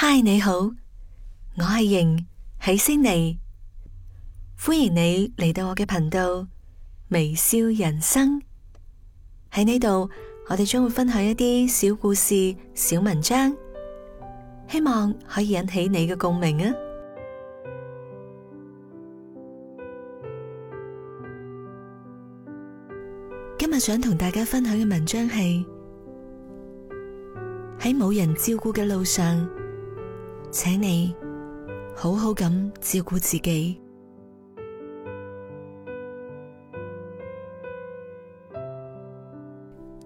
嗨，Hi, 你好，我係瑩，喺悉尼，歡迎你嚟到我嘅頻道微笑人生。喺呢度，我哋將會分享一啲小故事、小文章，希望可以引起你嘅共鳴啊！今日想同大家分享嘅文章係喺冇人照顧嘅路上。請你好好咁照顧自己。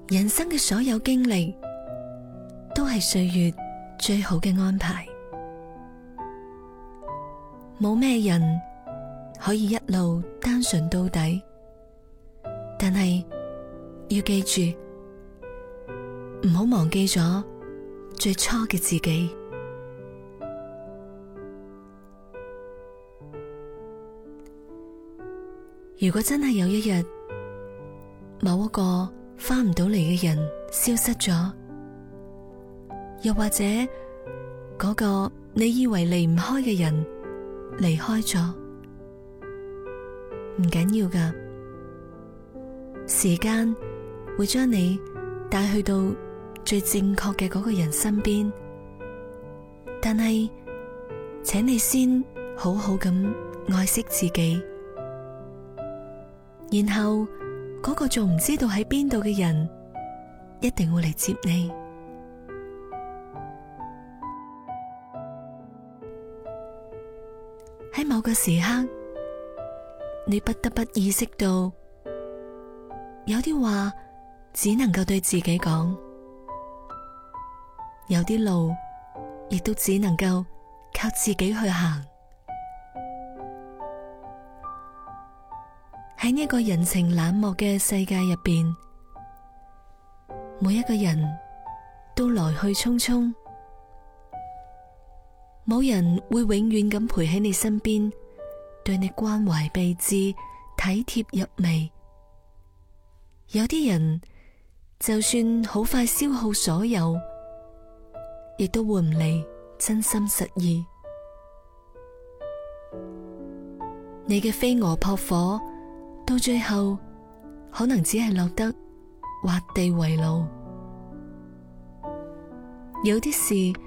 人生嘅所有經歷都係歲月最好嘅安排。冇咩人可以一路單純到底，但係要記住，唔好忘記咗最初嘅自己。如果真係有一日，某一個翻唔到嚟嘅人消失咗，又或者嗰個你以為離唔開嘅人離開咗，唔緊要噶，時間會將你帶去到最正確嘅嗰個人身邊。但係，請你先好好咁愛惜自己。然後嗰個仲唔知道喺邊度嘅人，一定會嚟接你。喺某個時刻，你不得不意識到，有啲話只能夠對自己講，有啲路亦都只能夠靠自己去行。喺呢一個人情冷漠嘅世界入邊，每一個人都來去匆匆，冇人會永遠咁陪喺你身邊，對你關懷備至、體貼入微。有啲人就算好快消耗所有，亦都換唔嚟真心實意。你嘅飛蛾撲火。到最後可能只係落得畫地為牢，有啲事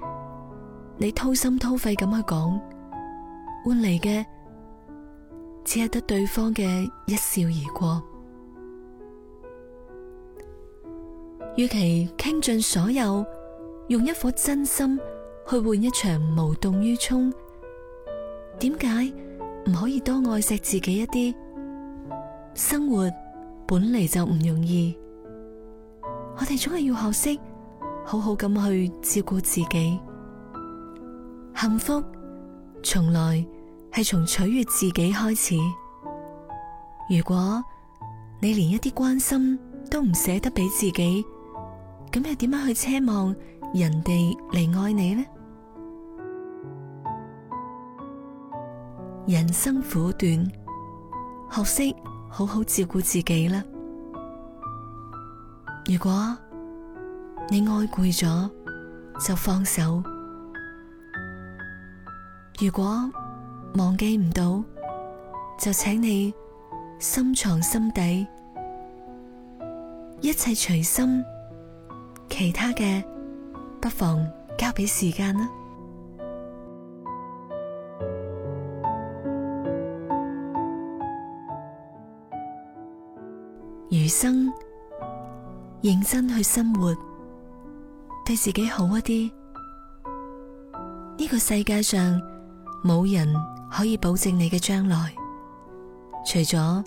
你掏心掏肺咁去講，換嚟嘅只係得對方嘅一笑而過。與其傾盡所有，用一顆真心去換一場無動於衷，點解唔可以多愛惜自己一啲？生活本嚟就唔容易，我哋總係要學識好好咁去照顧自己。幸福從來係從取悦自己開始。如果你連一啲關心都唔捨得俾自己，咁又點樣去奢望人哋嚟愛你呢？人生苦短，學識。好好照顧自己啦。如果你愛攰咗，就放手；如果忘記唔到，就請你深藏心底，一切隨心。其他嘅，不妨交俾時間啦。餘生認真去生活，對自己好一啲。呢個世界上冇人可以保證你嘅將來，除咗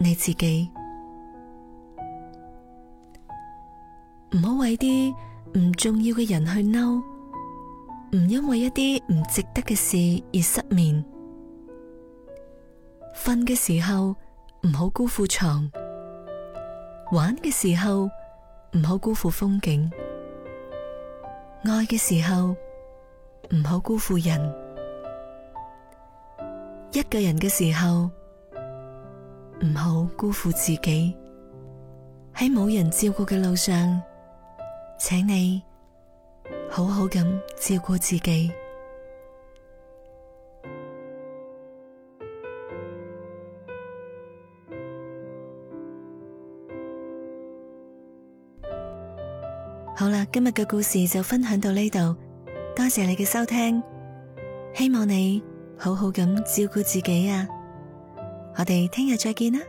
你自己。唔好為啲唔重要嘅人去嬲，唔因為一啲唔值得嘅事而失眠。瞓嘅時候唔好辜負床。玩嘅時候唔好辜負風景，愛嘅時候唔好辜負人，一個人嘅時候唔好辜負自己。喺冇人照顧嘅路上，請你好好咁照顧自己。好啦，今日嘅故事就分享到呢度，多謝你嘅收聽，希望你好好咁照顧自己啊，我哋聽日再見啦。